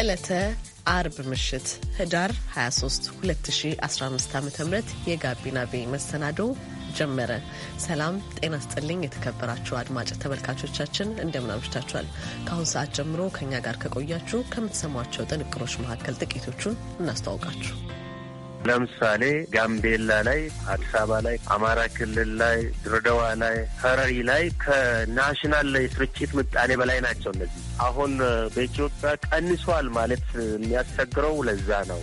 ዕለተ አርብ ምሽት ህዳር 23 2015 ዓ ም የጋቢና ቤ መሰናዶ ጀመረ። ሰላም ጤና ስጥልኝ። የተከበራችሁ አድማጭ ተመልካቾቻችን እንደምናምሽታችኋል። ከአሁን ሰዓት ጀምሮ ከእኛ ጋር ከቆያችሁ ከምትሰሟቸው ጥንቅሮች መካከል ጥቂቶቹን እናስተዋውቃችሁ። ለምሳሌ ጋምቤላ ላይ፣ አዲስ አበባ ላይ፣ አማራ ክልል ላይ፣ ድሬዳዋ ላይ፣ ሀረሪ ላይ ከናሽናል የስርጭት ምጣኔ በላይ ናቸው። እነዚህ አሁን በኢትዮጵያ ቀንሷል ማለት የሚያስቸግረው ለዛ ነው።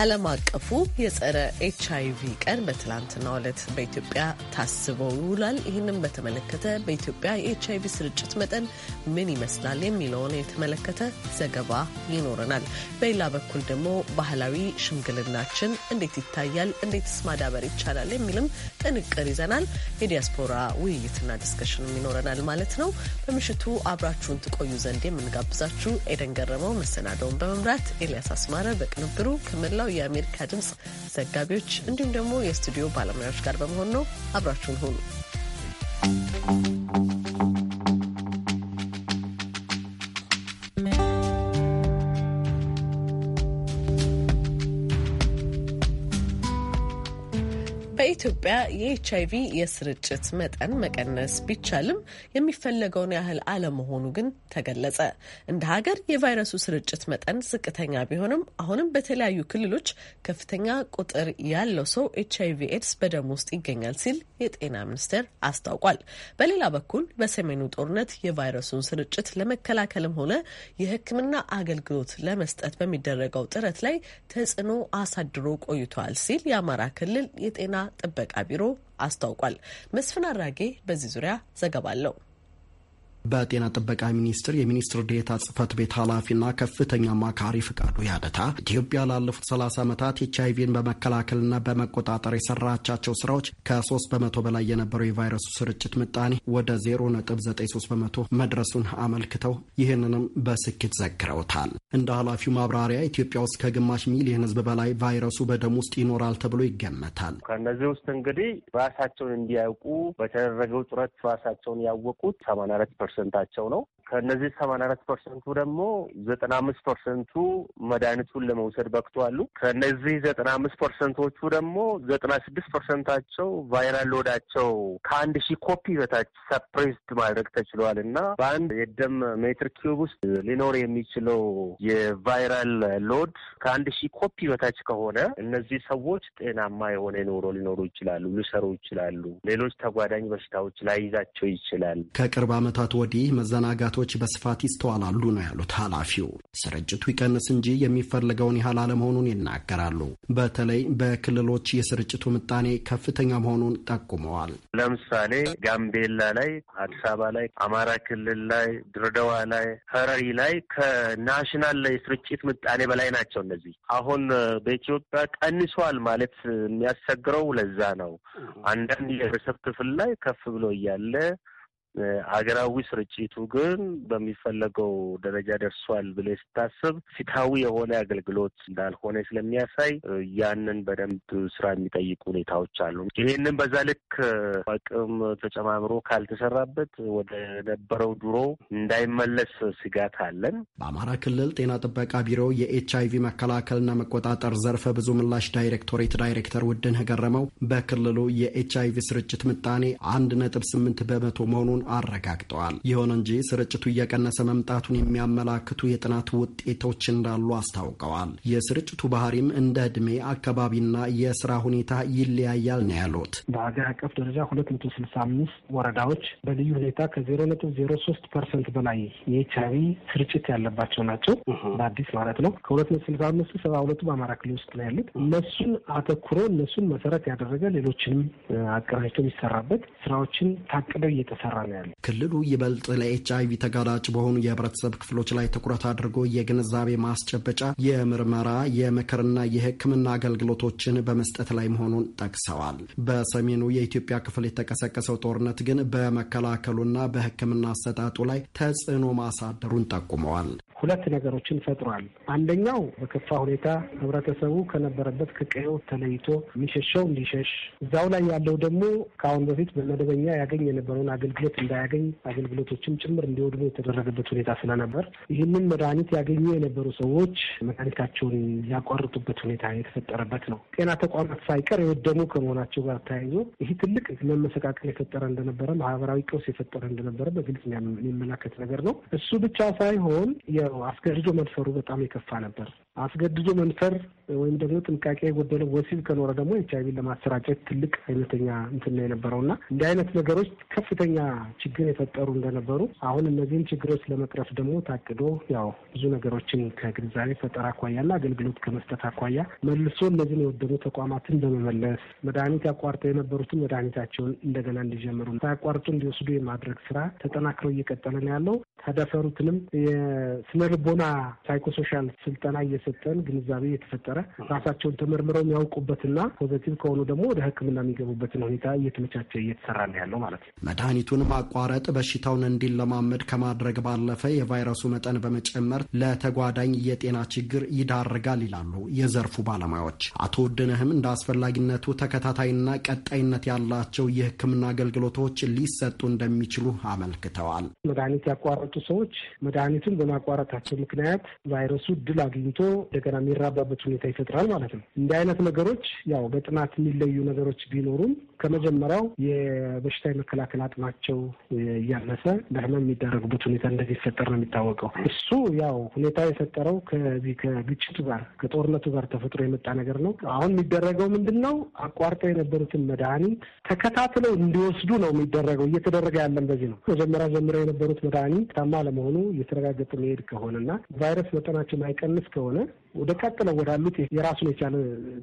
ዓለም አቀፉ የጸረ ኤች ቪ ቀን በትላንትናው ዕለት በኢትዮጵያ ታስቦ ይውላል። ይህንም በተመለከተ በኢትዮጵያ የኤች አይቪ ስርጭት መጠን ምን ይመስላል የሚለውን የተመለከተ ዘገባ ይኖረናል። በሌላ በኩል ደግሞ ባህላዊ ሽምግልናችን እንዴት ይታያል፣ እንዴትስ ማዳበር ይቻላል የሚልም ጥንቅር ይዘናል። የዲያስፖራ ውይይትና ዲስከሽንም ይኖረናል ማለት ነው። በምሽቱ አብራችሁን ትቆዩ ዘንድ የምንጋብዛችሁ ኤደን ገረመው መሰናደውን በመምራት ኤልያስ አስማረ በቅንብሩ ክምል ከመላው የአሜሪካ ድምፅ ዘጋቢዎች እንዲሁም ደግሞ የስቱዲዮ ባለሙያዎች ጋር በመሆን ነው። አብራችሁን ሆኑ። በኢትዮጵያ የኤች አይቪ የስርጭት መጠን መቀነስ ቢቻልም የሚፈለገውን ያህል አለመሆኑ ግን ተገለጸ። እንደ ሀገር የቫይረሱ ስርጭት መጠን ዝቅተኛ ቢሆንም አሁንም በተለያዩ ክልሎች ከፍተኛ ቁጥር ያለው ሰው ኤች አይቪ ኤድስ በደም ውስጥ ይገኛል ሲል የጤና ሚኒስቴር አስታውቋል። በሌላ በኩል በሰሜኑ ጦርነት የቫይረሱን ስርጭት ለመከላከልም ሆነ የሕክምና አገልግሎት ለመስጠት በሚደረገው ጥረት ላይ ተጽዕኖ አሳድሮ ቆይቷል ሲል የአማራ ክልል የጤና ጥበቃ ቢሮ አስታውቋል። መስፍን አራጌ በዚህ ዙሪያ ዘገባ አለው። በጤና ጥበቃ ሚኒስቴር የሚኒስትር ዴታ ጽህፈት ቤት ኃላፊና ከፍተኛ አማካሪ ፍቃዱ ያደታ ኢትዮጵያ ላለፉት 30 ዓመታት ኤች አይቪን በመከላከልና በመቆጣጠር የሰራቻቸው ስራዎች ከ3 በመቶ በላይ የነበረው የቫይረሱ ስርጭት ምጣኔ ወደ 0.93 በመቶ መድረሱን አመልክተው ይህንንም በስኬት ዘክረውታል። እንደ ኃላፊው ማብራሪያ ኢትዮጵያ ውስጥ ከግማሽ ሚሊዮን ህዝብ በላይ ቫይረሱ በደም ውስጥ ይኖራል ተብሎ ይገመታል። ከእነዚህ ውስጥ እንግዲህ ራሳቸውን እንዲያውቁ በተደረገው ጥረት ራሳቸውን ያወቁት 84 ፐርሰንታቸው ነው። ከእነዚህ ሰማንያ አራት ፐርሰንቱ ደግሞ ዘጠና አምስት ፐርሰንቱ መድኃኒቱን ለመውሰድ በቅቷሉ። ከእነዚህ ዘጠና አምስት ፐርሰንቶቹ ደግሞ ዘጠና ስድስት ፐርሰንታቸው ቫይራል ሎዳቸው ከአንድ ሺህ ኮፒ በታች ሰፕሬስድ ማድረግ ተችሏል እና በአንድ የደም ሜትር ኪዩብ ውስጥ ሊኖር የሚችለው የቫይራል ሎድ ከአንድ ሺህ ኮፒ በታች ከሆነ እነዚህ ሰዎች ጤናማ የሆነ ኑሮ ሊኖሩ ይችላሉ፣ ሊሰሩ ይችላሉ። ሌሎች ተጓዳኝ በሽታዎች ላይይዛቸው ይችላል። ከቅርብ ዓመታት ወዲህ መዘናጋቱ ስርጭቶች በስፋት ይስተዋላሉ ነው ያሉት ኃላፊው። ስርጭቱ ይቀንስ እንጂ የሚፈለገውን ያህል አለመሆኑን ይናገራሉ። በተለይ በክልሎች የስርጭቱ ምጣኔ ከፍተኛ መሆኑን ጠቁመዋል። ለምሳሌ ጋምቤላ ላይ፣ አዲስ አበባ ላይ፣ አማራ ክልል ላይ፣ ድሬዳዋ ላይ፣ ሀረሪ ላይ ከናሽናል የስርጭት ምጣኔ በላይ ናቸው። እነዚህ አሁን በኢትዮጵያ ቀንሷል ማለት የሚያስቸግረው ለዛ ነው። አንዳንድ የህብረተሰብ ክፍል ላይ ከፍ ብሎ እያለ አገራዊ ስርጭቱ ግን በሚፈለገው ደረጃ ደርሷል ብሎ ስታስብ ፊታዊ የሆነ አገልግሎት እንዳልሆነ ስለሚያሳይ ያንን በደንብ ስራ የሚጠይቅ ሁኔታዎች አሉ። ይሄንን በዛ ልክ አቅም ተጨማምሮ ካልተሰራበት ወደ ነበረው ድሮ እንዳይመለስ ስጋት አለን። በአማራ ክልል ጤና ጥበቃ ቢሮ የኤች አይቪ መከላከልና መቆጣጠር ዘርፈ ብዙ ምላሽ ዳይሬክቶሬት ዳይሬክተር ውድን ገረመው በክልሉ የኤች አይቪ ስርጭት ምጣኔ አንድ ነጥብ ስምንት በመቶ መሆኑን መሆኑን አረጋግጠዋል። ይሁን እንጂ ስርጭቱ እየቀነሰ መምጣቱን የሚያመላክቱ የጥናት ውጤቶች እንዳሉ አስታውቀዋል። የስርጭቱ ባህሪም እንደ ዕድሜ አካባቢና የስራ ሁኔታ ይለያያል ነው ያሉት። በሀገር አቀፍ ደረጃ ሁለት መቶ ስልሳ አምስት ወረዳዎች በልዩ ሁኔታ ከዜሮ ነጥብ ዜሮ ሶስት ፐርሰንት በላይ የኤች አይቪ ስርጭት ያለባቸው ናቸው። በአዲስ ማለት ነው። ከሁለት መቶ ስልሳ አምስቱ ሰባ ሁለቱ በአማራ ክልል ውስጥ ነው ያሉት። እነሱን አተኩሮ እነሱን መሰረት ያደረገ ሌሎችንም አቀናጅቶ የሚሰራበት ስራዎችን ታቅደው እየተሰራ ነው ነው ያለ ክልሉ ይበልጥ ለኤች አይቪ ተጋላጭ በሆኑ የህብረተሰብ ክፍሎች ላይ ትኩረት አድርጎ የግንዛቤ ማስጨበጫ፣ የምርመራ፣ የምክርና የህክምና አገልግሎቶችን በመስጠት ላይ መሆኑን ጠቅሰዋል። በሰሜኑ የኢትዮጵያ ክፍል የተቀሰቀሰው ጦርነት ግን በመከላከሉና በህክምና አሰጣጡ ላይ ተጽዕኖ ማሳደሩን ጠቁመዋል። ሁለት ነገሮችን ፈጥሯል። አንደኛው በከፋ ሁኔታ ህብረተሰቡ ከነበረበት ከቀየው ተለይቶ የሚሸሸው እንዲሸሽ እዛው ላይ ያለው ደግሞ ከአሁን በፊት በመደበኛ ያገኝ የነበረውን አገልግሎት እንዳያገኝ አገልግሎቶችም ጭምር እንዲወድሙ የተደረገበት ሁኔታ ስለነበር ይህንን መድኃኒት ያገኙ የነበሩ ሰዎች መድኃኒታቸውን ያቋርጡበት ሁኔታ የተፈጠረበት ነው። ጤና ተቋማት ሳይቀር የወደሙ ከመሆናቸው ጋር ተያይዞ ይህ ትልቅ መመሰቃቀል የፈጠረ እንደነበረ፣ ማህበራዊ ቀውስ የፈጠረ እንደነበረ በግልጽ የሚመላከት ነገር ነው። እሱ ብቻ ሳይሆን ያው አስገድዶ መድፈሩ በጣም የከፋ ነበር። አስገድዶ መንፈር ወይም ደግሞ ጥንቃቄ የጎደለው ወሲብ ከኖረ ደግሞ ኤች አይቪ ለማሰራጨት ትልቅ አይነተኛ እንትን ነው የነበረው እና እንዲህ አይነት ነገሮች ከፍተኛ ችግር የፈጠሩ እንደነበሩ አሁን እነዚህን ችግሮች ለመቅረፍ ደግሞ ታቅዶ ያው ብዙ ነገሮችን ከግንዛቤ ፈጠር አኳያና አገልግሎት ከመስጠት አኳያ መልሶ እነዚህን የወደኑ ተቋማትን በመመለስ መድኃኒት ያቋርጠው የነበሩትን መድኃኒታቸውን እንደገና እንዲጀምሩ ሳያቋርጡ እንዲወስዱ የማድረግ ስራ ተጠናክሮ እየቀጠለ ነው ያለው። ተደፈሩትንም የስነ ልቦና ሳይኮሶሻል ስልጠና የሰጠን ግንዛቤ የተፈጠረ ራሳቸውን ተመርምረው የሚያውቁበትና ፖዘቲቭ ከሆኑ ደግሞ ወደ ሕክምና የሚገቡበትን ሁኔታ እየተመቻቸ እየተሰራ ነው ያለው ማለት ነው። መድኃኒቱን ማቋረጥ በሽታውን እንዲለማመድ ከማድረግ ባለፈ የቫይረሱ መጠን በመጨመር ለተጓዳኝ የጤና ችግር ይዳርጋል ይላሉ የዘርፉ ባለሙያዎች። አቶ ውድነህም እንደ አስፈላጊነቱ ተከታታይና ቀጣይነት ያላቸው የሕክምና አገልግሎቶች ሊሰጡ እንደሚችሉ አመልክተዋል። መድኃኒት ያቋረጡ ሰዎች መድኃኒቱን በማቋረጣቸው ምክንያት ቫይረሱ ድል አግኝቶ እንደገና የሚራባበት ሁኔታ ይፈጥራል ማለት ነው። እንዲህ አይነት ነገሮች ያው በጥናት የሚለዩ ነገሮች ቢኖሩም ከመጀመሪያው የበሽታ የመከላከል አቅማቸው እያነሰ ለህመም የሚደረጉበት ሁኔታ እንደዚህ ይፈጠር ነው የሚታወቀው። እሱ ያው ሁኔታ የፈጠረው ከዚህ ከግጭቱ ጋር ከጦርነቱ ጋር ተፈጥሮ የመጣ ነገር ነው። አሁን የሚደረገው ምንድን ነው? አቋርጠው የነበሩትን መድኃኒት ተከታትለው እንዲወስዱ ነው የሚደረገው። እየተደረገ ያለን በዚህ ነው። መጀመሪያ ጀምረው የነበሩት መድኃኒት ታማ ለመሆኑ እየተረጋገጠ መሄድ ከሆነና ቫይረስ መጠናቸው ማይቀንስ ከሆነ ወደ ቀጥለው ወዳሉት የራሱን የቻለ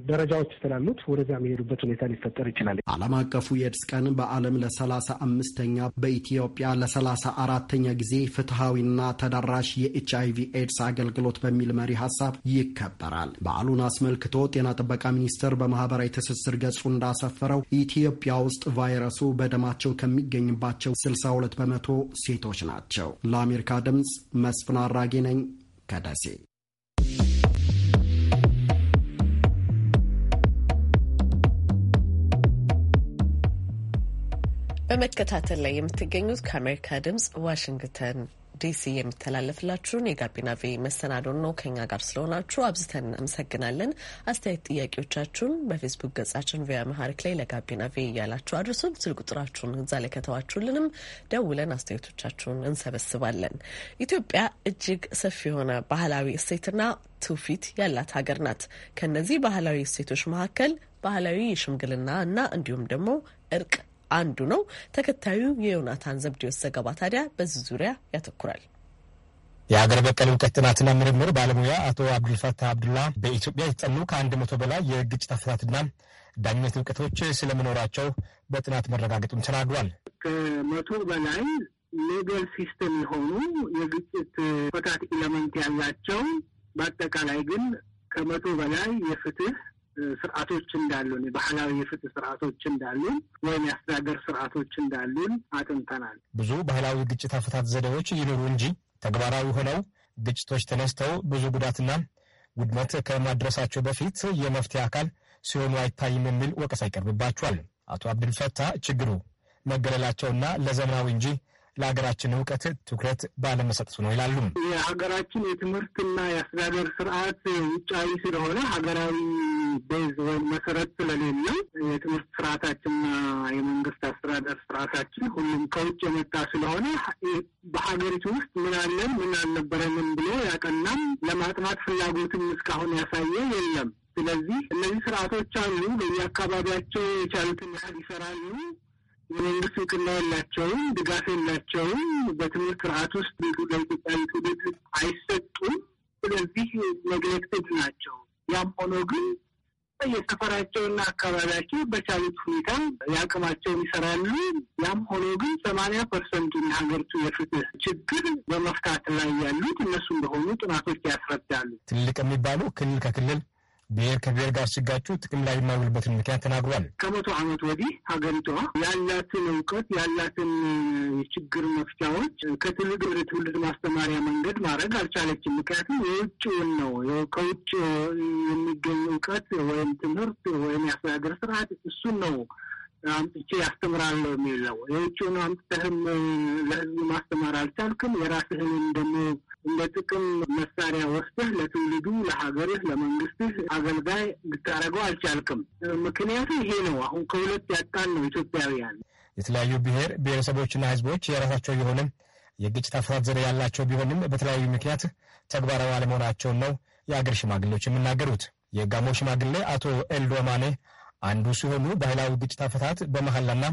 ደረጃዎች ስላሉት ወደዚያ የሚሄዱበት ሁኔታ ሊፈጠር ይችላል። ዓለም አቀፉ የኤድስ ቀን በዓለም ለሰላሳ አምስተኛ በኢትዮጵያ ለሰላሳ አራተኛ ጊዜ ፍትሐዊና ተደራሽ የኤች አይ ቪ ኤድስ አገልግሎት በሚል መሪ ሀሳብ ይከበራል። በዓሉን አስመልክቶ ጤና ጥበቃ ሚኒስቴር በማህበራዊ ትስስር ገጹ እንዳሰፈረው ኢትዮጵያ ውስጥ ቫይረሱ በደማቸው ከሚገኝባቸው 62 በመቶ ሴቶች ናቸው። ለአሜሪካ ድምፅ መስፍን አራጌ ነኝ ከደሴ በመከታተል ላይ የምትገኙት ከአሜሪካ ድምጽ ዋሽንግተን ዲሲ የሚተላለፍላችሁን የጋቢና ቬ መሰናዶን ነው። ከኛ ጋር ስለሆናችሁ አብዝተን እናመሰግናለን። አስተያየት ጥያቄዎቻችሁን በፌስቡክ ገጻችን ቪያ መሀሪክ ላይ ለጋቢና ቬ እያላችሁ አድርሱን። ስልክ ቁጥራችሁን እዛ ላይ ከተዋችሁልንም ደውለን አስተያየቶቻችሁን እንሰበስባለን። ኢትዮጵያ እጅግ ሰፊ የሆነ ባህላዊ እሴትና ትውፊት ያላት ሀገር ናት። ከነዚህ ባህላዊ እሴቶች መካከል ባህላዊ የሽምግልና እና እንዲሁም ደግሞ እርቅ አንዱ ነው። ተከታዩ የዮናታን ዘብዴዎስ ዘገባ ታዲያ በዚህ ዙሪያ ያተኩራል። የሀገር በቀል እውቀት ጥናትና ምርምር ባለሙያ አቶ አብዱልፈታህ አብዱላ በኢትዮጵያ የተጠኑ ከአንድ መቶ በላይ የግጭት አፈታትና ዳኝነት እውቀቶች ስለመኖራቸው በጥናት መረጋገጡን ተናግሯል። ከመቶ በላይ ሌገል ሲስተም የሆኑ የግጭት ፈታት ኢለመንት ያላቸው በአጠቃላይ ግን ከመቶ በላይ የፍትህ ስርዓቶች እንዳሉን ባህላዊ የፍትህ ስርዓቶች እንዳሉን ወይም የአስተዳደር ስርዓቶች እንዳሉን አጥንተናል። ብዙ ባህላዊ ግጭት አፈታት ዘዴዎች ይኖሩ እንጂ ተግባራዊ ሆነው ግጭቶች ተነስተው ብዙ ጉዳትና ውድመት ከማድረሳቸው በፊት የመፍትሄ አካል ሲሆኑ አይታይም የሚል ወቀሳ ይቀርብባቸዋል። አቶ አብድልፈታ ችግሩ መገለላቸውና ለዘመናዊ እንጂ ለሀገራችን እውቀት ትኩረት ባለመሰጠቱ ነው ይላሉ። የሀገራችን የትምህርትና የአስተዳደር ስርዓት ውጫዊ ስለሆነ ሀገራዊ ቤዝ ወይም መሰረት ስለሌለ የትምህርት ስርዓታችንና የመንግስት አስተዳደር ስርዓታችን ሁሉም ከውጭ የመጣ ስለሆነ በሀገሪቱ ውስጥ ምን አለን ምን አልነበረንም ብሎ ያቀናም ለማጥናት ፍላጎትም እስካሁን ያሳየ የለም። ስለዚህ እነዚህ ስርዓቶች አሉ፣ በየአካባቢያቸው የቻሉትን ያህል ይሰራሉ። የመንግስት እውቅና የላቸውም፣ ድጋፍ የላቸውም። በትምህርት ስርዓት ውስጥ ለኢትዮጵያዊ ትውልድ አይሰጡም። ስለዚህ ነግሌክትድ ናቸው። ያም ሆኖ ግን የሰፈራቸውና አካባቢያቸው በቻሉት ሁኔታ የአቅማቸውን ይሰራሉ። ያም ሆኖ ግን ሰማንያ ፐርሰንቱ የሀገሪቱ የፍትህ ችግር በመፍታት ላይ ያሉት እነሱ እንደሆኑ ጥናቶች ያስረዳሉ። ትልቅ የሚባለው ክልል ከክልል ብሔር ከብሔር ጋር ሲጋጩ ጥቅም ላይ የማይውልበትን ምክንያት ተናግሯል። ከመቶ ዓመት ወዲህ ሀገሪቷ ያላትን እውቀት ያላትን የችግር መፍቻዎች ከትልቅ ወደ ትውልድ ማስተማሪያ መንገድ ማድረግ አልቻለችም። ምክንያቱም የውጭውን ነው ከውጭ የሚገኝ እውቀት ወይም ትምህርት ወይም የአስተዳደር ስርዓት እሱን ነው አምጥቼ ያስተምራለሁ የሚለው የውጭውን አምጥተህም ለህዝብ ማስተማር አልቻልክም። የራስህን ደግሞ እንደ ጥቅም መሳሪያ ወስደህ ለትውልዱ፣ ለሀገርህ፣ ለመንግስትህ አገልጋይ ልታደርገው አልቻልክም። ምክንያቱ ይሄ ነው። አሁን ከሁለት ያጣን ነው ኢትዮጵያውያን። የተለያዩ ብሔር ብሔረሰቦችና ህዝቦች የራሳቸው የሆነ የግጭት አፈታት ዘዴ ያላቸው ቢሆንም በተለያዩ ምክንያት ተግባራዊ አለመሆናቸውን ነው የአገር ሽማግሌዎች የሚናገሩት። የጋሞ ሽማግሌ አቶ ኤልዶማኔ አንዱ ሲሆኑ ባህላዊ ግጭት አፈታት በመሐላና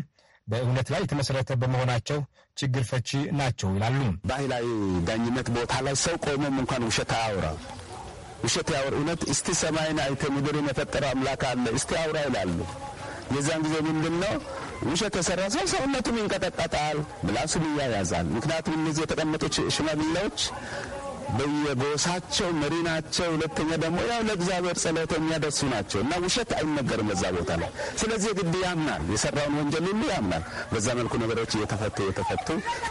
በእውነት ላይ የተመሰረተ በመሆናቸው ችግር ፈቺ ናቸው ይላሉ። ባህላዊ ዳኝነት ቦታ ላይ ሰው ቆሞም እንኳን ውሸት አያወራ ውሸት ያወር እውነት እስቲ ሰማይን አይተ ምድርን የፈጠረ አምላክ አለ እስቲ አውራ ይላሉ። የዛን ጊዜ ምንድን ነው ውሸት የሰራ ሰው ሰውነቱም ይንቀጠቀጣል፣ ምላሱም ይያያዛል። ምክንያቱም እነዚህ የተቀመጡ ሽማግሌዎች በየጎሳቸው መሪ ናቸው። ሁለተኛ ደግሞ ያው ለእግዚአብሔር ጸሎት የሚያደርሱ ናቸው እና ውሸት አይነገርም በዛ ቦታ ላይ። ስለዚህ የግድ ያምናል፣ የሰራውን ወንጀል ሁሉ ያምናል። በዛ መልኩ ነገሮች እየተፈቱ እየተፈቱ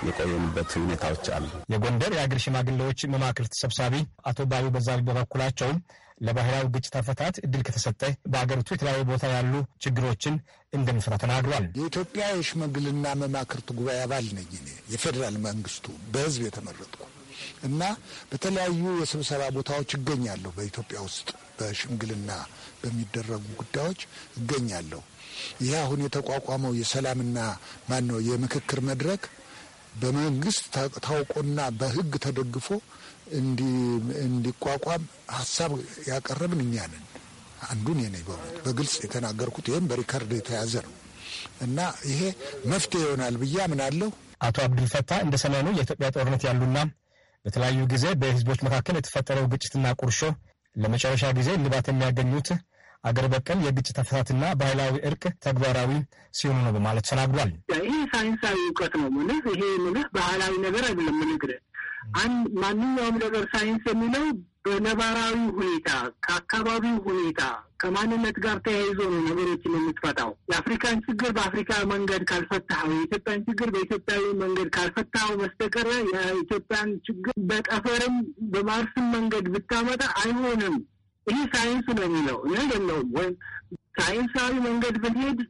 የቆየንበት ሁኔታዎች አሉ። የጎንደር የአገር ሽማግሌዎች መማክርት ሰብሳቢ አቶ ባዩ በዛብህ በበኩላቸውም ለባህላዊ ግጭት አፈታት እድል ከተሰጠ በሀገሪቱ የተለያዩ ቦታ ያሉ ችግሮችን እንደሚፈታ ተናግሯል። የኢትዮጵያ የሽመግልና መማክርት ጉባኤ አባል ነኝ። የፌዴራል መንግስቱ በህዝብ የተመረጥኩ እና በተለያዩ የስብሰባ ቦታዎች እገኛለሁ። በኢትዮጵያ ውስጥ በሽምግልና በሚደረጉ ጉዳዮች እገኛለሁ። ይህ አሁን የተቋቋመው የሰላምና ማነው የምክክር መድረክ በመንግስት ታውቆና በህግ ተደግፎ እንዲቋቋም ሀሳብ ያቀረብን እኛ ነን። አንዱን የኔ በእውነት በግልጽ የተናገርኩት ይህም በሪከርድ የተያዘ ነው እና ይሄ መፍትሄ ይሆናል ብዬ አምናለሁ። አቶ አብዱልፈታ እንደ ሰሜኑ የኢትዮጵያ ጦርነት ያሉና በተለያዩ ጊዜ በህዝቦች መካከል የተፈጠረው ግጭትና ቁርሾ ለመጨረሻ ጊዜ ልባት የሚያገኙት አገር በቀል የግጭት አፈታትና ባህላዊ እርቅ ተግባራዊ ሲሆኑ ነው በማለት ተናግሯል። ይህ ሳይንሳዊ እውቀት ነው ምልህ ይሄ ምልህ ባህላዊ ነገር አይደለም ምንግር ማንኛውም ነገር ሳይንስ የሚለው በነባራዊ ሁኔታ ከአካባቢው ሁኔታ ከማንነት ጋር ተያይዞ ነው ነገሮችን የምትፈታው። የአፍሪካን ችግር በአፍሪካ መንገድ ካልፈታው፣ የኢትዮጵያን ችግር በኢትዮጵያዊ መንገድ ካልፈታው በስተቀረ የኢትዮጵያን ችግር በጠፈርም በማርስም መንገድ ብታመጣ አይሆንም። ይህ ሳይንስ ነው የሚለው እኔ አይደለሁም። ወይም ሳይንሳዊ መንገድ ብንሄድ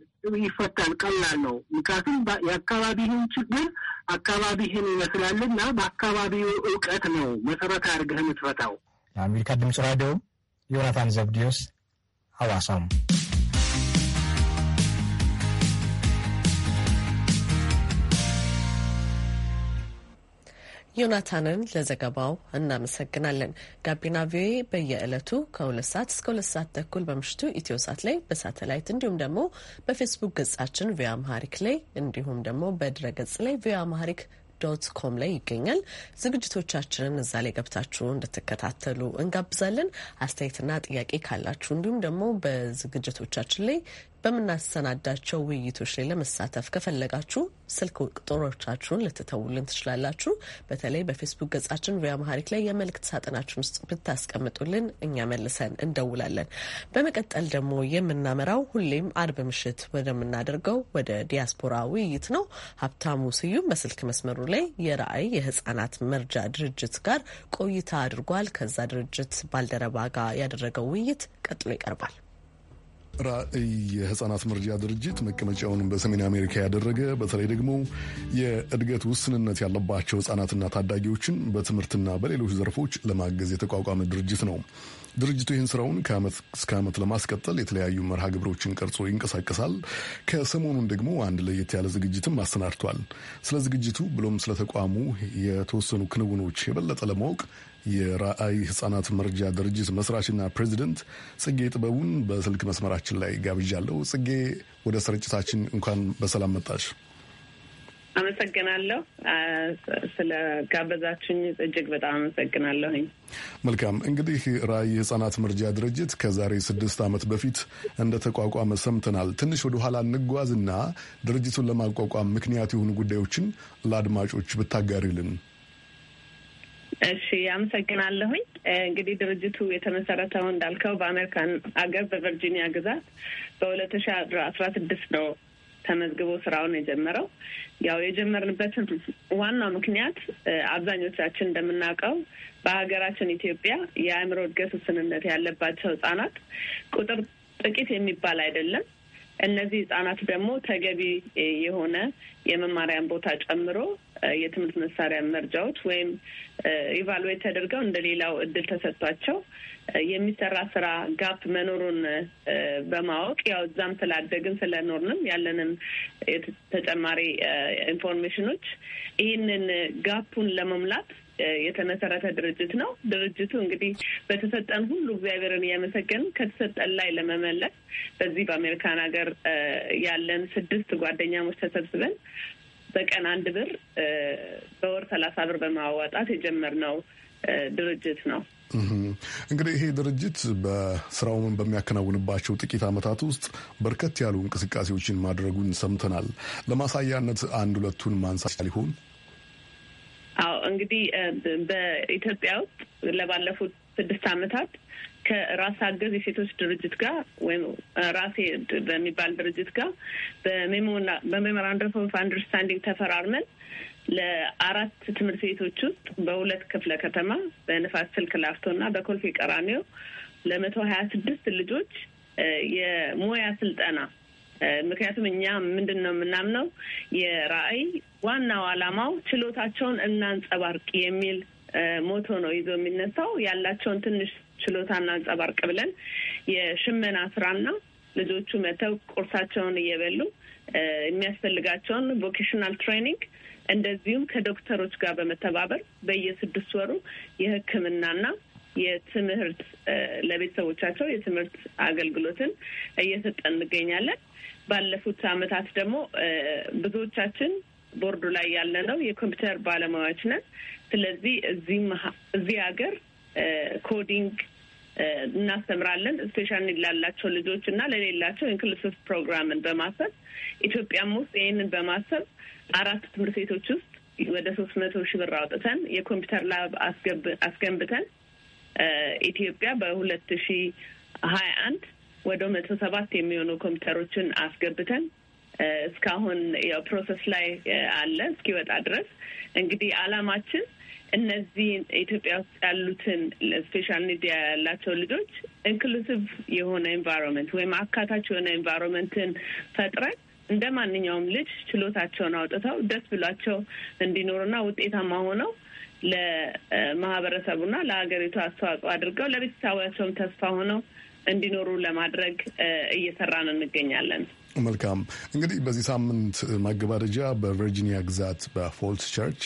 ይፈታል፣ ቀላል ነው። ምክንያቱም የአካባቢህን ችግር አካባቢህን ይመስላልና በአካባቢው እውቀት ነው መሰረት አድርገህ የምትፈታው። ለአሜሪካ ድምፅ ራዲዮ ዮናታን ዘብዲዮስ hawaasaam ዮናታንን ለዘገባው እናመሰግናለን። ጋቢና ቪኦኤ በየዕለቱ ከሁለት ሰዓት እስከ ሁለት ሰዓት ተኩል በምሽቱ ኢትዮ ሳት ላይ በሳተላይት እንዲሁም ደግሞ በፌስቡክ ገጻችን ቪኦኤ አማሪክ ላይ እንዲሁም ደግሞ በድረ ገጽ ላይ ቪኦኤ አማሪክ ዶት ኮም ላይ ይገኛል። ዝግጅቶቻችንን እዛ ላይ ገብታችሁ እንድትከታተሉ እንጋብዛለን። አስተያየትና ጥያቄ ካላችሁ እንዲሁም ደግሞ በዝግጅቶቻችን ላይ በምናሰናዳቸው ውይይቶች ላይ ለመሳተፍ ከፈለጋችሁ ስልክ ቁጥሮቻችሁን ልትተውልን ትችላላችሁ። በተለይ በፌስቡክ ገጻችን ቪያ መሀሪክ ላይ የመልእክት ሳጥናችን ውስጥ ብታስቀምጡልን እኛ መልሰን እንደውላለን። በመቀጠል ደግሞ የምናመራው ሁሌም አርብ ምሽት ወደምናደርገው ወደ ዲያስፖራ ውይይት ነው። ሀብታሙ ስዩም በስልክ መስመሩ ላይ የራእይ የህጻናት መርጃ ድርጅት ጋር ቆይታ አድርጓል። ከዛ ድርጅት ባልደረባ ጋር ያደረገው ውይይት ቀጥሎ ይቀርባል። ራዕይ የህጻናት መርጃ ድርጅት መቀመጫውንም በሰሜን አሜሪካ ያደረገ በተለይ ደግሞ የእድገት ውስንነት ያለባቸው ህጻናትና ታዳጊዎችን በትምህርትና በሌሎች ዘርፎች ለማገዝ የተቋቋመ ድርጅት ነው። ድርጅቱ ይህን ስራውን ከዓመት እስከ ዓመት ለማስቀጠል የተለያዩ መርሃ ግብሮችን ቀርጾ ይንቀሳቀሳል። ከሰሞኑን ደግሞ አንድ ለየት ያለ ዝግጅትም አሰናድቷል። ስለ ዝግጅቱ ብሎም ስለ ተቋሙ የተወሰኑ ክንውኖች የበለጠ ለማወቅ የራአይ ህጻናት መርጃ ድርጅት መስራችና ፕሬዚደንት ጽጌ ጥበቡን በስልክ መስመራችን ላይ ጋብዣለሁ። ጽጌ ወደ ስርጭታችን እንኳን በሰላም መጣሽ። አመሰግናለሁ ስለ ጋበዛችኝ፣ እጅግ በጣም አመሰግናለሁኝ። መልካም እንግዲህ ራእይ የህጻናት መርጃ ድርጅት ከዛሬ ስድስት ዓመት በፊት እንደ ተቋቋመ ሰምተናል። ትንሽ ወደ ኋላ እንጓዝና ድርጅቱን ለማቋቋም ምክንያት የሆኑ ጉዳዮችን ለአድማጮች ብታጋሪልን። እሺ አመሰግናለሁኝ። እንግዲህ ድርጅቱ የተመሰረተው እንዳልከው በአሜሪካን አገር በቨርጂኒያ ግዛት በሁለት ሺ አስራ ስድስት ነው ተመዝግቦ ስራውን የጀመረው። ያው የጀመርንበትን ዋናው ምክንያት አብዛኞቻችን እንደምናውቀው በሀገራችን ኢትዮጵያ የአእምሮ እድገት ውስንነት ያለባቸው ህጻናት ቁጥር ጥቂት የሚባል አይደለም። እነዚህ ህጻናት ደግሞ ተገቢ የሆነ የመማሪያን ቦታ ጨምሮ የትምህርት መሳሪያ መርጃዎች ወይም ኢቫሉዌት ተደርገው እንደ ሌላው እድል ተሰጥቷቸው የሚሰራ ስራ ጋፕ መኖሩን በማወቅ ያው እዛም ስላደግን ስለኖርንም ያለንም ተጨማሪ ኢንፎርሜሽኖች ይህንን ጋፑን ለመሙላት የተመሰረተ ድርጅት ነው። ድርጅቱ እንግዲህ በተሰጠን ሁሉ እግዚአብሔርን እያመሰገን ከተሰጠን ላይ ለመመለስ በዚህ በአሜሪካን ሀገር ያለን ስድስት ጓደኛሞች ተሰብስበን በቀን አንድ ብር በወር ሰላሳ ብር በማዋጣት የጀመርነው ድርጅት ነው። እንግዲህ ይሄ ድርጅት በስራውን በሚያከናውንባቸው ጥቂት ዓመታት ውስጥ በርከት ያሉ እንቅስቃሴዎችን ማድረጉን ሰምተናል። ለማሳያነት አንድ ሁለቱን ማንሳት ሊሆን አዎ እንግዲህ በኢትዮጵያ ውስጥ ለባለፉት ስድስት ዓመታት ከራስ አገዝ የሴቶች ድርጅት ጋር ወይም ራሴ በሚባል ድርጅት ጋር በሜሞራንደም ኦፍ አንደርስታንዲንግ ተፈራርመን ለአራት ትምህርት ቤቶች ውስጥ በሁለት ክፍለ ከተማ በንፋስ ስልክ ላፍቶ እና በኮልፌ ቀራኒዮ ለመቶ ሀያ ስድስት ልጆች የሙያ ስልጠና ምክንያቱም እኛ ምንድን ነው የምናምነው የራዕይ ዋናው ዓላማው ችሎታቸውን እናንጸባርቅ የሚል ሞቶ ነው ይዞ የሚነሳው። ያላቸውን ትንሽ ችሎታ እናንጸባርቅ ብለን የሽመና ስራና ልጆቹ መተው ቁርሳቸውን እየበሉ የሚያስፈልጋቸውን ቮኬሽናል ትሬኒንግ እንደዚሁም ከዶክተሮች ጋር በመተባበር በየስድስት ወሩ የሕክምናና የትምህርት ለቤተሰቦቻቸው የትምህርት አገልግሎትን እየሰጠን እንገኛለን። ባለፉት አመታት ደግሞ ብዙዎቻችን ቦርዱ ላይ ያለ ነው የኮምፒውተር ባለሙያዎች ነን። ስለዚህ እዚህ እዚህ ሀገር ኮዲንግ እናስተምራለን ስፔሻል ላላቸው ልጆች እና ለሌላቸው ኢንክሉሲቭ ፕሮግራምን በማሰብ ኢትዮጵያም ውስጥ ይህንን በማሰብ አራት ትምህርት ቤቶች ውስጥ ወደ ሶስት መቶ ሺህ ብር አውጥተን የኮምፒውተር ላብ አስገንብተን ኢትዮጵያ በሁለት ሺህ ሀያ አንድ ወደ መቶ ሰባት የሚሆኑ ኮምፒውተሮችን አስገብተን እስካሁን ያው ፕሮሰስ ላይ አለ እስኪወጣ ድረስ እንግዲህ አላማችን እነዚህ ኢትዮጵያ ውስጥ ያሉትን ስፔሻል ኒድ ያላቸው ልጆች ኢንክሉሲቭ የሆነ ኤንቫይሮንመንት ወይም አካታች የሆነ ኤንቫይሮንመንትን ፈጥረን እንደ ማንኛውም ልጅ ችሎታቸውን አውጥተው ደስ ብሏቸው እንዲኖሩና ውጤታማ ሆነው ለማህበረሰቡና ለሀገሪቱ አስተዋጽኦ አድርገው ለቤተሰባቸውም ተስፋ ሆነው እንዲኖሩ ለማድረግ እየሰራን እንገኛለን። መልካም እንግዲህ በዚህ ሳምንት ማገባደጃ በቨርጂኒያ ግዛት በፎልስ ቸርች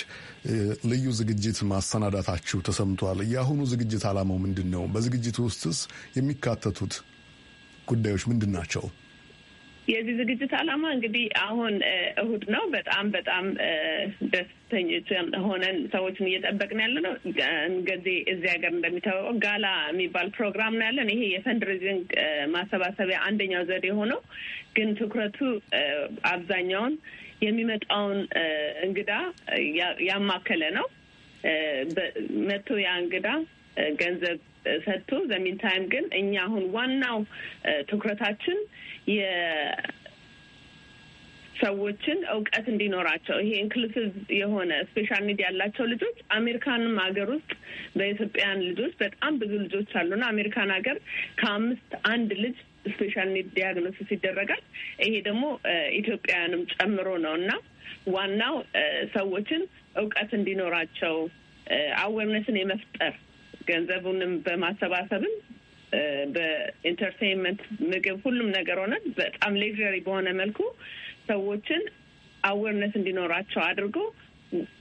ልዩ ዝግጅት ማሰናዳታችሁ ተሰምቷል። የአሁኑ ዝግጅት ዓላማው ምንድን ነው? በዝግጅቱ ውስጥስ የሚካተቱት ጉዳዮች ምንድን ናቸው? የዚህ ዝግጅት ዓላማ እንግዲህ አሁን እሁድ ነው። በጣም በጣም ደስተኞች ሆነን ሰዎችን እየጠበቅን ያለ ነው። እንግዲህ እዚህ ሀገር እንደሚታወቀው ጋላ የሚባል ፕሮግራም ነው ያለን። ይሄ የፈንድሬዚንግ ማሰባሰቢያ አንደኛው ዘዴ ሆነው ግን ትኩረቱ አብዛኛውን የሚመጣውን እንግዳ ያማከለ ነው። መጥቶ ያ እንግዳ ገንዘብ ሰጥቶ ዘሚን ታይም ግን እኛ አሁን ዋናው ትኩረታችን ሰዎችን እውቀት እንዲኖራቸው ይሄ ኢንክሉሲቭ የሆነ ስፔሻል ኒድ ያላቸው ልጆች አሜሪካንም ሀገር ውስጥ በኢትዮጵያን ልጆች በጣም ብዙ ልጆች አሉና አሜሪካን ሀገር ከአምስት አንድ ልጅ ስፔሻል ኒድ ዲያግኖሲስ ይደረጋል። ይሄ ደግሞ ኢትዮጵያውያንም ጨምሮ ነው እና ዋናው ሰዎችን እውቀት እንዲኖራቸው አዌርነስን የመፍጠር ገንዘቡንም በማሰባሰብም በኢንተርቴንመንት ምግብ፣ ሁሉም ነገር ሆነ በጣም ሌግዘሪ በሆነ መልኩ ሰዎችን አዌርነስ እንዲኖራቸው አድርጎ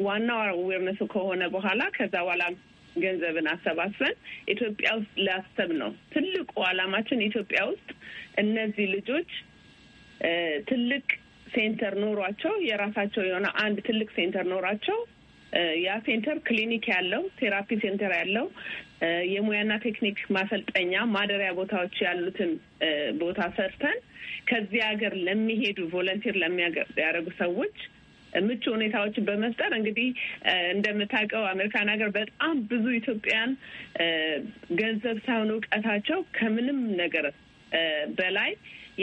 ዋናው አዌርነሱ ከሆነ በኋላ ከዛ በኋላ ገንዘብን አሰባስበን ኢትዮጵያ ውስጥ ሊያሰብ ነው ትልቁ አላማችን ኢትዮጵያ ውስጥ እነዚህ ልጆች ትልቅ ሴንተር ኖሯቸው የራሳቸው የሆነ አንድ ትልቅ ሴንተር ኖሯቸው ያ ሴንተር ክሊኒክ ያለው፣ ቴራፒ ሴንተር ያለው፣ የሙያና ቴክኒክ ማሰልጠኛ ማደሪያ ቦታዎች ያሉትን ቦታ ሰርተን ከዚህ ሀገር ለሚሄዱ ቮለንቲር ለሚያደርጉ ሰዎች ምቹ ሁኔታዎችን በመፍጠር እንግዲህ እንደምታውቀው አሜሪካን ሀገር በጣም ብዙ ኢትዮጵያን ገንዘብ ሳይሆን እውቀታቸው ከምንም ነገር በላይ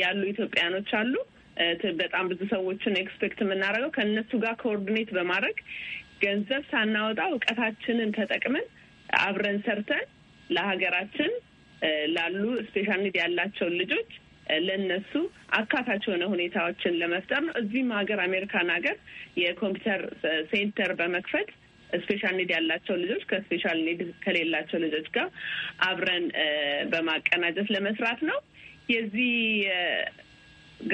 ያሉ ኢትዮጵያኖች አሉ። በጣም ብዙ ሰዎችን ኤክስፔክት የምናደርገው ከእነሱ ጋር ኮኦርዲኔት በማድረግ ገንዘብ ሳናወጣ እውቀታችንን ተጠቅመን አብረን ሰርተን ለሀገራችን ላሉ ስፔሻል ኒድ ያላቸውን ልጆች ለነሱ አካታች የሆነ ሁኔታዎችን ለመፍጠር ነው። እዚህም ሀገር አሜሪካን ሀገር የኮምፒውተር ሴንተር በመክፈት ስፔሻል ኒድ ያላቸው ልጆች ከስፔሻል ኒድ ከሌላቸው ልጆች ጋር አብረን በማቀናጀት ለመስራት ነው። የዚህ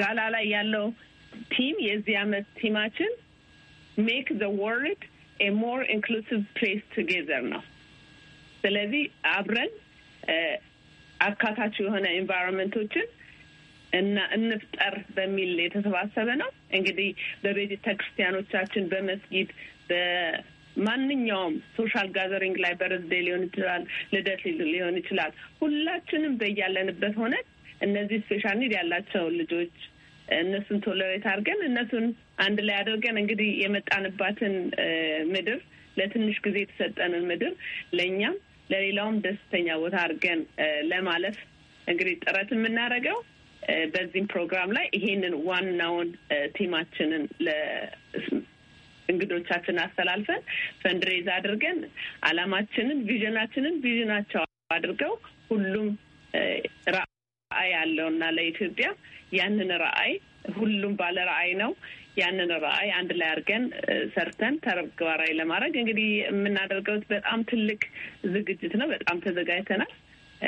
ጋላ ላይ ያለው ቲም የዚህ አመት ቲማችን ሜክ ዘ ወርልድ ሞር ኢንክሉሲቭ ፕሌስ ቱጌዘር ነው። ስለዚህ አብረን አካታች የሆነ ኢንቫይሮንመንቶችን እና እንፍጠር በሚል የተሰባሰበ ነው። እንግዲህ በቤተ ክርስቲያኖቻችን፣ በመስጊድ፣ በማንኛውም ሶሻል ጋዘሪንግ ላይ በርዝዴ ሊሆን ይችላል፣ ልደት ሊሆን ይችላል። ሁላችንም በያለንበት ሆነ እነዚህ ስፔሻል ኒድ ያላቸው ልጆች እነሱን ቶለሬት አድርገን እነሱን አንድ ላይ አድርገን እንግዲህ የመጣንባትን ምድር ለትንሽ ጊዜ የተሰጠንን ምድር ለእኛም ለሌላውም ደስተኛ ቦታ አድርገን ለማለፍ እንግዲህ ጥረት የምናደርገው በዚህም ፕሮግራም ላይ ይሄንን ዋናውን ቲማችንን ለእንግዶቻችን አስተላልፈን ፈንድሬዝ አድርገን አላማችንን፣ ቪዥናችንን ቪዥናቸው አድርገው ሁሉም ራዕይ ያለውና ለኢትዮጵያ ያንን ራዕይ ሁሉም ባለ ራዕይ ነው። ያንን ራዕይ አንድ ላይ አድርገን ሰርተን ተግባራዊ ለማድረግ እንግዲህ የምናደርገው በጣም ትልቅ ዝግጅት ነው። በጣም ተዘጋጅተናል።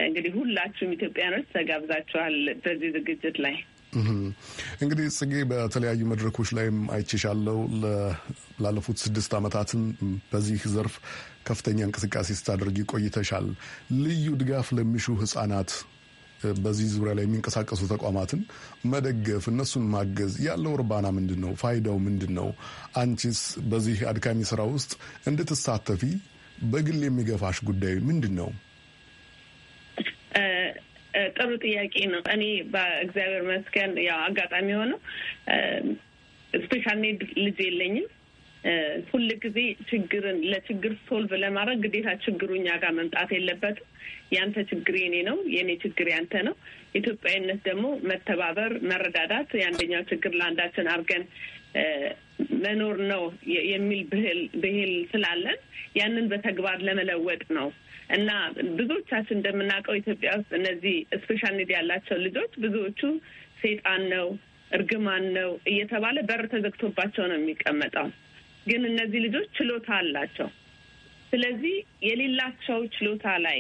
እንግዲህ ሁላችሁም ኢትዮጵያኖች ተጋብዛችኋል በዚህ ዝግጅት ላይ። እንግዲህ ጽጌ በተለያዩ መድረኮች ላይም አይችሻለው ላለፉት ስድስት አመታትም በዚህ ዘርፍ ከፍተኛ እንቅስቃሴ ስታደርጊ ቆይተሻል። ልዩ ድጋፍ ለሚሹ ህጻናት በዚህ ዙሪያ ላይ የሚንቀሳቀሱ ተቋማትን መደገፍ፣ እነሱን ማገዝ ያለው እርባና ምንድን ነው? ፋይዳው ምንድን ነው? አንቺስ በዚህ አድካሚ ስራ ውስጥ እንድትሳተፊ በግል የሚገፋሽ ጉዳይ ምንድን ነው? ጥሩ ጥያቄ ነው። እኔ በእግዚአብሔር መስከን ያው አጋጣሚ የሆነው ስፔሻል ኔድ ልጅ የለኝም። ሁል ጊዜ ችግርን ለችግር ሶልቭ ለማድረግ ግዴታ ችግሩ እኛ ጋር መምጣት የለበትም። ያንተ ችግር የኔ ነው፣ የእኔ ችግር ያንተ ነው። ኢትዮጵያዊነት ደግሞ መተባበር፣ መረዳዳት የአንደኛው ችግር ለአንዳችን አድርገን መኖር ነው የሚል ብሂል ስላለን ያንን በተግባር ለመለወጥ ነው እና ብዙዎቻችን እንደምናውቀው ኢትዮጵያ ውስጥ እነዚህ ስፔሻል ኒድ ያላቸው ልጆች ብዙዎቹ ሴጣን ነው እርግማን ነው እየተባለ በር ተዘግቶባቸው ነው የሚቀመጠው። ግን እነዚህ ልጆች ችሎታ አላቸው። ስለዚህ የሌላቸው ችሎታ ላይ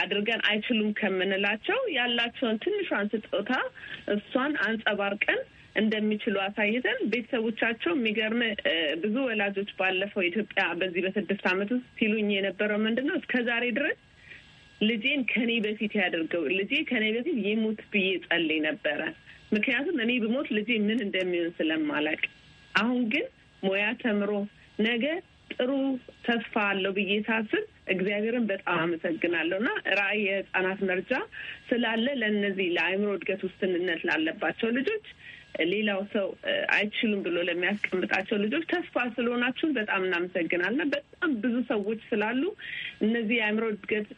አድርገን አይችሉም ከምንላቸው ያላቸውን ትንሿን ስጦታ እሷን አንጸባርቀን እንደሚችሉ አሳይተን ቤተሰቦቻቸው የሚገርም ብዙ ወላጆች ባለፈው ኢትዮጵያ በዚህ በስድስት ዓመት ውስጥ ሲሉኝ የነበረው ምንድን ነው እስከ ዛሬ ድረስ ልጄን ከኔ በፊት ያደርገው ልጄ ከኔ በፊት ይሙት ብዬ ጸልይ ነበረ። ምክንያቱም እኔ ብሞት ልጄ ምን እንደሚሆን ስለማላቅ አሁን ግን ሙያ ተምሮ ነገ ጥሩ ተስፋ አለው ብዬ ሳስብ እግዚአብሔርን በጣም አመሰግናለሁ እና ራዕይ የህጻናት መርጃ ስላለ ለእነዚህ ለአእምሮ እድገት ውስንነት ላለባቸው ልጆች ሌላው ሰው አይችሉም ብሎ ለሚያስቀምጣቸው ልጆች ተስፋ ስለሆናችሁን በጣም እናመሰግናለን። በጣም ብዙ ሰዎች ስላሉ እነዚህ የአእምሮ እድገት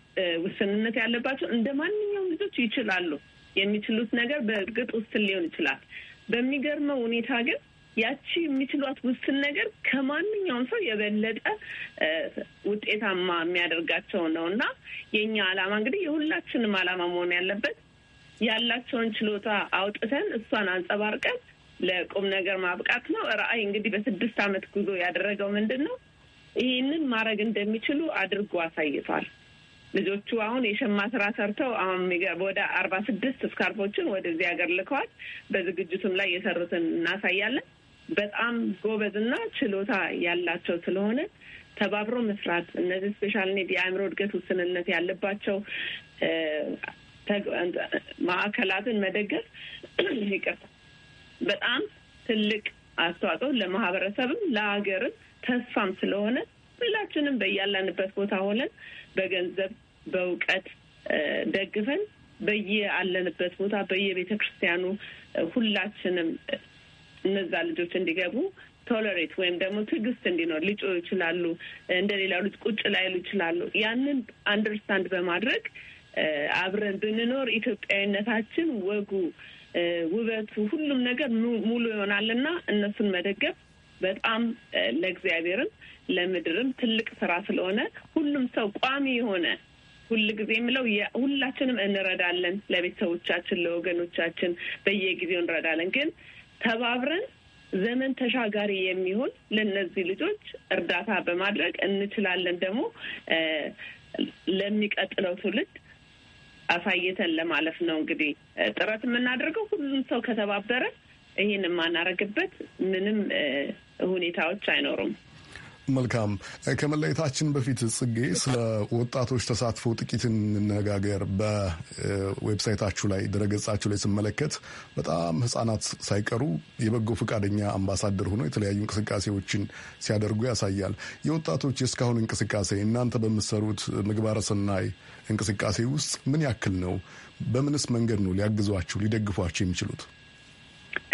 ውስንነት ያለባቸው እንደ ማንኛውም ልጆች ይችላሉ። የሚችሉት ነገር በእርግጥ ውስን ሊሆን ይችላል። በሚገርመው ሁኔታ ግን ያቺ የሚችሏት ውስን ነገር ከማንኛውም ሰው የበለጠ ውጤታማ የሚያደርጋቸው ነው እና የእኛ ዓላማ እንግዲህ የሁላችንም ዓላማ መሆን ያለበት ያላቸውን ችሎታ አውጥተን እሷን አንጸባርቀን ለቁም ነገር ማብቃት ነው። ራዕይ እንግዲህ በስድስት ዓመት ጉዞ ያደረገው ምንድን ነው? ይህንን ማድረግ እንደሚችሉ አድርጎ አሳይቷል። ልጆቹ አሁን የሸማ ስራ ሰርተው አሁን ወደ አርባ ስድስት ስካርፎችን ወደዚህ ሀገር ልከዋል። በዝግጅቱም ላይ የሰሩትን እናሳያለን። በጣም ጎበዝና ችሎታ ያላቸው ስለሆነ ተባብሮ መስራት እነዚህ ስፔሻል ኔድ የአእምሮ እድገት ውስንነት ያለባቸው ማዕከላትን መደገፍ ይቅርታ በጣም ትልቅ አስተዋጽኦ ለማህበረሰብም ለሀገርም ተስፋም ስለሆነ ሁላችንም በያለንበት ቦታ ሆነን በገንዘብ በእውቀት ደግፈን በየአለንበት ቦታ በየቤተ ክርስቲያኑ ሁላችንም እነዛ ልጆች እንዲገቡ ቶለሬት ወይም ደግሞ ትዕግስት እንዲኖር ሊጮ ይችላሉ፣ እንደሌላው ሌላ ልጅ ቁጭ ላይሉ ይችላሉ። ያንን አንደርስታንድ በማድረግ አብረን ብንኖር ኢትዮጵያዊነታችን፣ ወጉ፣ ውበቱ፣ ሁሉም ነገር ሙሉ ይሆናልና እነሱን መደገፍ በጣም ለእግዚአብሔርም ለምድርም ትልቅ ስራ ስለሆነ ሁሉም ሰው ቋሚ የሆነ ሁል ጊዜ የምለው ሁላችንም እንረዳለን፣ ለቤተሰቦቻችን፣ ለወገኖቻችን በየጊዜው እንረዳለን ግን ተባብረን ዘመን ተሻጋሪ የሚሆን ለእነዚህ ልጆች እርዳታ በማድረግ እንችላለን ደግሞ ለሚቀጥለው ትውልድ አሳይተን ለማለፍ ነው እንግዲህ ጥረት የምናደርገው። ሁሉም ሰው ከተባበረ ይህን የማናረግበት ምንም ሁኔታዎች አይኖሩም። መልካም። ከመለየታችን በፊት ጽጌ፣ ስለ ወጣቶች ተሳትፎ ጥቂት እንነጋገር። በዌብሳይታችሁ ላይ ድረገጻችሁ ላይ ስመለከት በጣም ህጻናት ሳይቀሩ የበጎ ፈቃደኛ አምባሳደር ሆኖ የተለያዩ እንቅስቃሴዎችን ሲያደርጉ ያሳያል። የወጣቶች የእስካሁን እንቅስቃሴ እናንተ በምትሰሩት ምግባረ ሰናይ እንቅስቃሴ ውስጥ ምን ያክል ነው? በምንስ መንገድ ነው ሊያግዟችሁ ሊደግፏችሁ የሚችሉት?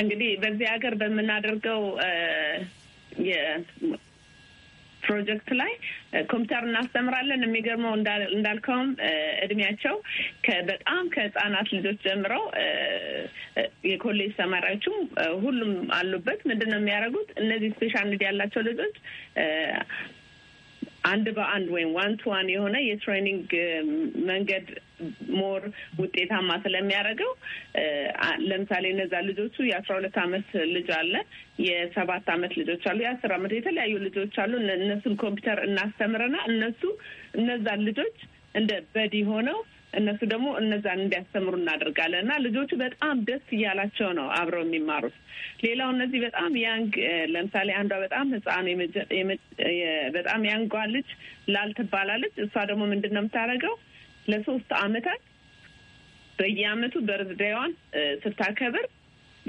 እንግዲህ በዚህ ሀገር በምናደርገው ፕሮጀክት ላይ ኮምፒውተር እናስተምራለን። የሚገርመው እንዳልከውም እድሜያቸው በጣም ከህጻናት ልጆች ጀምረው የኮሌጅ ተማሪዎችም ሁሉም አሉበት። ምንድን ነው የሚያደርጉት እነዚህ ስፔሻል ኒድ ያላቸው ልጆች አንድ በአንድ ወይም ዋን ቱ ዋን የሆነ የትሬኒንግ um, መንገድ ሞር ውጤታማ ስለሚያደርገው uh, ለምሳሌ እነዛ ልጆቹ የአስራ ሁለት አመት ልጅ አለ፣ የሰባት አመት ልጆች አሉ፣ የአስር አመት የተለያዩ ልጆች አሉ። እነሱን ኮምፒውተር እናስተምረና እነሱ እነዛን ልጆች እንደ በዲ ሆነው እነሱ ደግሞ እነዛን እንዲያስተምሩ እናደርጋለን እና ልጆቹ በጣም ደስ እያላቸው ነው አብረው የሚማሩት። ሌላው እነዚህ በጣም ያንግ ለምሳሌ አንዷ በጣም ህፃን በጣም ያንጓ ልጅ ላል ትባላለች። እሷ ደግሞ ምንድን ነው የምታደርገው ለሶስት አመታት በየአመቱ በርዝዳዋን ስታከብር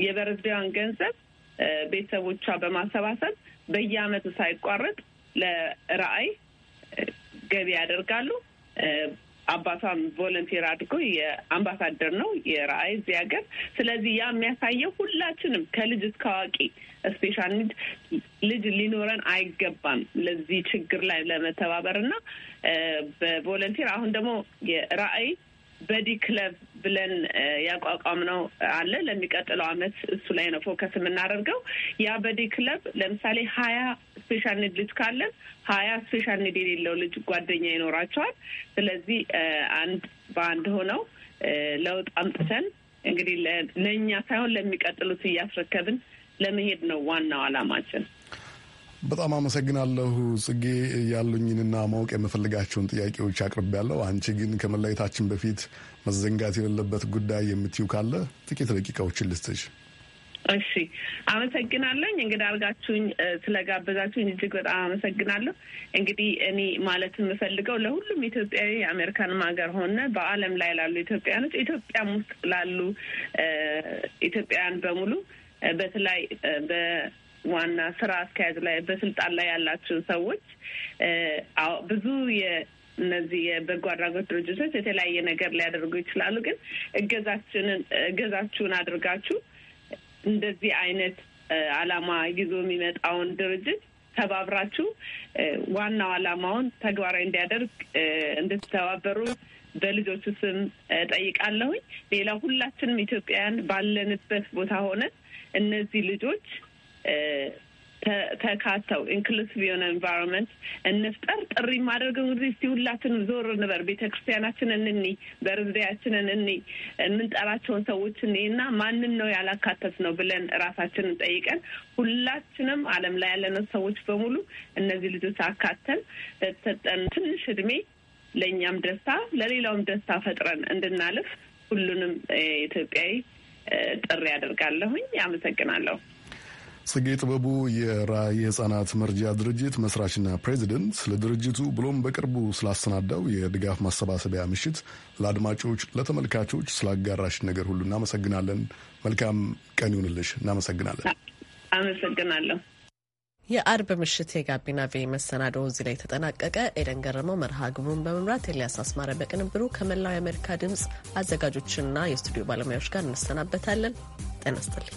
የበርዝዳዋን ገንዘብ ቤተሰቦቿ በማሰባሰብ በየአመቱ ሳይቋረጥ ለራአይ ገቢ ያደርጋሉ። አባቷም ቮለንቴር አድርጎ የአምባሳደር ነው የራእይ እዚህ ሀገር። ስለዚህ ያ የሚያሳየው ሁላችንም ከልጅ እስከ አዋቂ ስፔሻል ኒድ ልጅ ሊኖረን አይገባም ለዚህ ችግር ላይ ለመተባበር እና በቮለንቴር አሁን ደግሞ የራእይ በዲ ክለብ ብለን ያቋቋም ነው አለ። ለሚቀጥለው አመት እሱ ላይ ነው ፎከስ የምናደርገው። የአበዴ ክለብ ለምሳሌ ሀያ ስፔሻል ኒድ ልጅ ካለን ሀያ ስፔሻል ኒድ የሌለው ልጅ ጓደኛ ይኖራቸዋል። ስለዚህ አንድ በአንድ ሆነው ለውጥ አምጥተን እንግዲህ ለእኛ ሳይሆን ለሚቀጥሉት እያስረከብን ለመሄድ ነው ዋናው አላማችን። በጣም አመሰግናለሁ ጽጌ። ያሉኝንና ማወቅ የምፈልጋቸውን ጥያቄዎች አቅርቤያለሁ። አንቺ ግን ከመለየታችን በፊት መዘንጋት የሌለበት ጉዳይ የምትዩ ካለ ጥቂት ደቂቃዎችን ልስጥሽ። እሺ፣ አመሰግናለኝ። እንግዲህ አርጋችሁኝ ስለጋበዛችሁኝ እጅግ በጣም አመሰግናለሁ። እንግዲህ እኔ ማለት የምፈልገው ለሁሉም ኢትዮጵያዊ የአሜሪካንም ሀገር ሆነ በዓለም ላይ ላሉ ኢትዮጵያኖች ኢትዮጵያም ውስጥ ላሉ ኢትዮጵያውያን በሙሉ በተለይ በዋና ስራ አስኪያጅ ላይ በስልጣን ላይ ያላችሁ ሰዎች ብዙ እነዚህ የበጎ አድራጎት ድርጅቶች የተለያየ ነገር ሊያደርጉ ይችላሉ። ግን እገዛችንን እገዛችሁን አድርጋችሁ እንደዚህ አይነት አላማ ይዞ የሚመጣውን ድርጅት ተባብራችሁ ዋናው አላማውን ተግባራዊ እንዲያደርግ እንድትተባበሩ በልጆቹ ስም ጠይቃለሁኝ። ሌላ ሁላችንም ኢትዮጵያውያን ባለንበት ቦታ ሆነ እነዚህ ልጆች ተካተው ኢንክሉሲቭ የሆነ ኤንቫይሮንመንት እንፍጠር። ጥሪ የማደርገው ጊዜ እስቲ ሁላችንም ዞር ንበር ቤተ ክርስቲያናችንን እኒ፣ በርዝዴያችንን እኒ፣ የምንጠራቸውን ሰዎች እኒ እና ማንን ነው ያላካተት ነው ብለን ራሳችንን ጠይቀን ሁላችንም ዓለም ላይ ያለነው ሰዎች በሙሉ እነዚህ ልጆች አካተን በተሰጠን ትንሽ እድሜ ለእኛም ደስታ ለሌላውም ደስታ ፈጥረን እንድናልፍ ሁሉንም ኢትዮጵያዊ ጥሪ ያደርጋለሁኝ። አመሰግናለሁ። ጽጌ ጥበቡ የራእይ የህፃናት መርጃ ድርጅት መስራችና ፕሬዚደንት፣ ለድርጅቱ ብሎም በቅርቡ ስላሰናዳው የድጋፍ ማሰባሰቢያ ምሽት ለአድማጮች ለተመልካቾች ስላጋራሽ ነገር ሁሉ እናመሰግናለን። መልካም ቀን ይሁንልሽ። እናመሰግናለን። አመሰግናለሁ። የአርብ ምሽት የጋቢና ቬ መሰናዶ እዚህ ላይ ተጠናቀቀ። ኤደን ገረመው መርሃ ግብሩን በመምራት ኤልያስ አስማረ በቅንብሩ ከመላው የአሜሪካ ድምፅ አዘጋጆችና የስቱዲዮ ባለሙያዎች ጋር እንሰናበታለን። ጤና ይስጥልኝ።